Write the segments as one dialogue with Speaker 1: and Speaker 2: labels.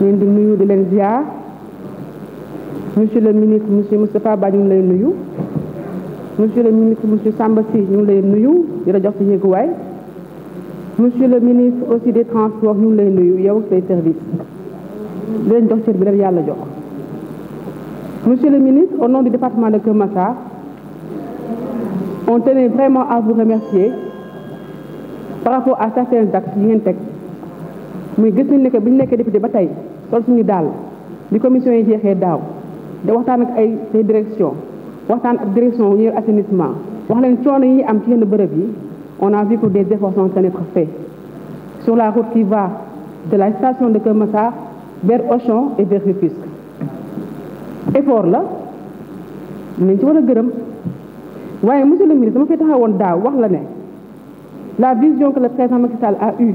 Speaker 1: leen nuyu di leen monsieur le ministre monsieur Moustapha Ba ñu ngi lay nuyu monsieur le ministre monsieur Samba Sy ñu ngi lay nuyu di jox ci monsieur le ministre aussi des transports ñu ngi lay nuyu yow say service di leen jox cër bi leen yàlla jox monsieur le ministre au nom du département de Keur on tenait vraiment à vous remercier par rapport à certains actes yi ngeen teg muy gis nañ ne que bi ñu nekkee député ba tey tontu ñu daal li commission yi jeexee daaw da waxtaan ak ay say direction waxtaan ak direction wu assainissement wax leen coono yi am ci yenn bërëb yi on a vu que des efforts sont en être faits sur la route qui va de la station de Kermassar vers Auchan et vers Rufisque effort la nañ ci war a gërëm waaye monsieur le ministre dama fay taxawoon daaw wax la ne la vision que le président Macky Sall a eue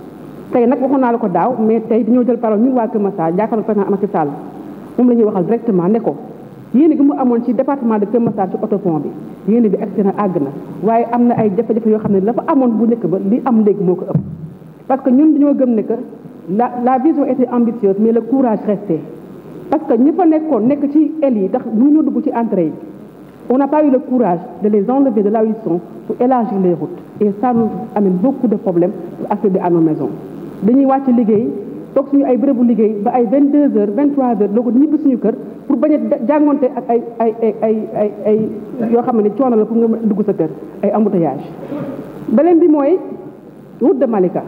Speaker 1: tey nag waxoon naa la ko daaw mais tey dañoo jël parole ñun waa Kër Massar jàkkaarloo président Amathou Sall moom la ñuy waxal directement ne ko yéene gi mu amoon ci département de Kër Massar ci autopont bi yéene bi agsi na àgg na waaye am na ay jafe-jafe yoo xam ne fa amoon bu njëkk ba li am léegi moo ko ëpp parce que ñun dañoo gëm ne que la la vision était ambitieuse mais le courage restait parce que ñi fa nekkoon nekk ci aile yi tax ñu ñoo dugg ci entrée yi on n'a pas eu le courage de les enlever de là où ils sont pour élargir les routes et ça nous amène beaucoup de problèmes pour accéder à nos maisons dañuy wàcc liggéey toog suñu ay bérébu liggéey ba ay 22 heures 23 heures doo ko ñibbi suñu kër pour bañ a jàngonte ak ay ay ay ay ay ay yoo xam ne coono la pour nga dugg sa kër ay embouteillage beneen bi mooy route de Malika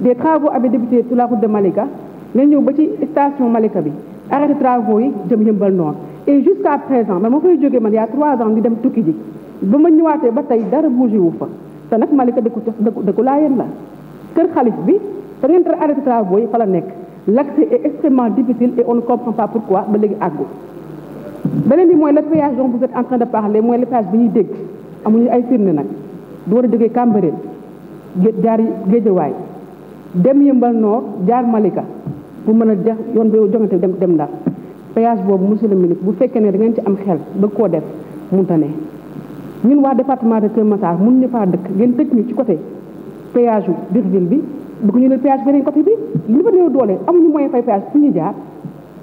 Speaker 1: des travaux avaient débuté sur la route de Malika nga ñëw ba ci station Malika bi arrêté travaux yi jëm Yeumbeul Nord et jusqu'à présent man moo fay jógee man y'a trois ans di dem tukki ji ba ma ñëwaatee ba tey dara bougé wu fa te nag Malika dëkku dëkku dëkku laayeen la kër xalif bi fa ngeen tar arrêté travaux yi fa la nekk l' accès est extrêmement difficile et on ne comprend pas pourquoi ba léegi àggu beneen bi mooy le péage dont vous êtes en de parler mooy le péage bi ñuy dégg amuñu ay firnde nag du war a jógee Cambérène jaar Géejawaay dem yëmba Nord jaar Malika pour mën a jeex yoon bi jongante dem dem Ndar boobu monsieur le ministre bu fekkee ne da ngeen ci am xel ba koo def ta ne ñun waa département de Kër Massar mun ñu faa dëkk ngeen tëj ñu ci côté péage u Birville bi bëgg ñu leen péage beneen côté bi li fa néew doole amuñu moyen fay péage fu ñu jaar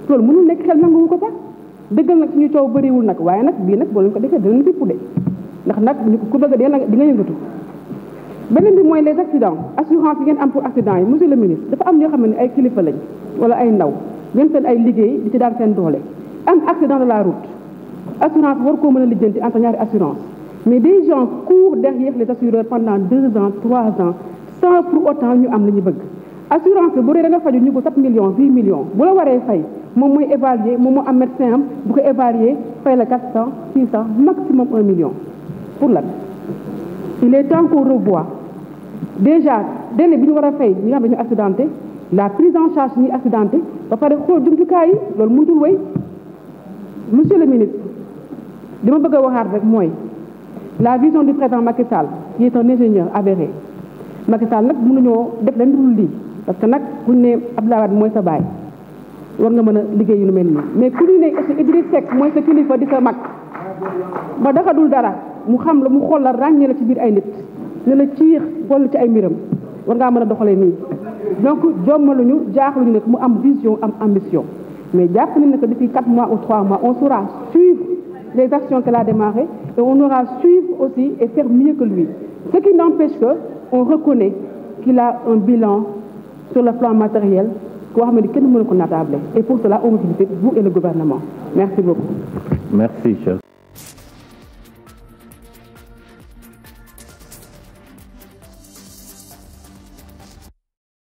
Speaker 1: loolu mënul nekk xel nanguwu ko sax dëggal nag suñu coow bëriwul nag waaye nag bii nag boo leen ko defee dinañ bépp de ndax nag ñu ku bëgg dee di nga yëngatu beneen bi mooy les accidents assurance yi ngeen am pour accident yi monsieur le ministre dafa am ñoo xam ne ay kilifa lañ wala ay ndaw ñoom seen ay liggéey di ci daan seen doole am accident de la route assurance war koo mën a lijjanti entre ñaari assurance mais des gens courent derrière les assureurs pendant deux ans trois ans sans pour autant ñu am li ñu bëgg assurance que bu avez da nga faju ñu ko 7 millions 8 millions bu la waree fay moom mooy évaluer moom mu am médecin am bu ko évaluer fay la 400 500, maximum 1 million pour lan il est temps qu'on revoie déjà dès que ñu war fait, fay ñi nga xam accidenté la prise en charge ñi accidenté ba pare xool jumtukaay yi loolu mënutul wéy monsieur le ministre li ma bëgg a waxaat rek mooy la vision du président Macky Sall qui est un ingénieur avéré Macky Sall nag mënuñoo def leen dul lii parce que nag ku ñu ne Abdoulaye Wade mooy sa baay war nga mën a liggéey lu mel nii mais ku ñu ne aussi Idriss Seck mooy sa kilifa di sa mag ba dafa dul dara mu xam la mu xool la ràññee la ci biir ay nit ne la ciix boll ci ay mbiram war ngaa mën a doxalee nii donc jommaluñu jaaxluñu nag mu am vision am ambition mais jàpp nañ ne que depuis 4 mois ou 3 mois on saura suivre les actions qu'elle a démarré et on aura suivre aussi et faire mieux que lui ce qui n'empêche que on reconnaît qu'il a un bilan sur le plan matériel qu'on xam et pour cela on vous vous et le gouvernement merci beaucoup merci cher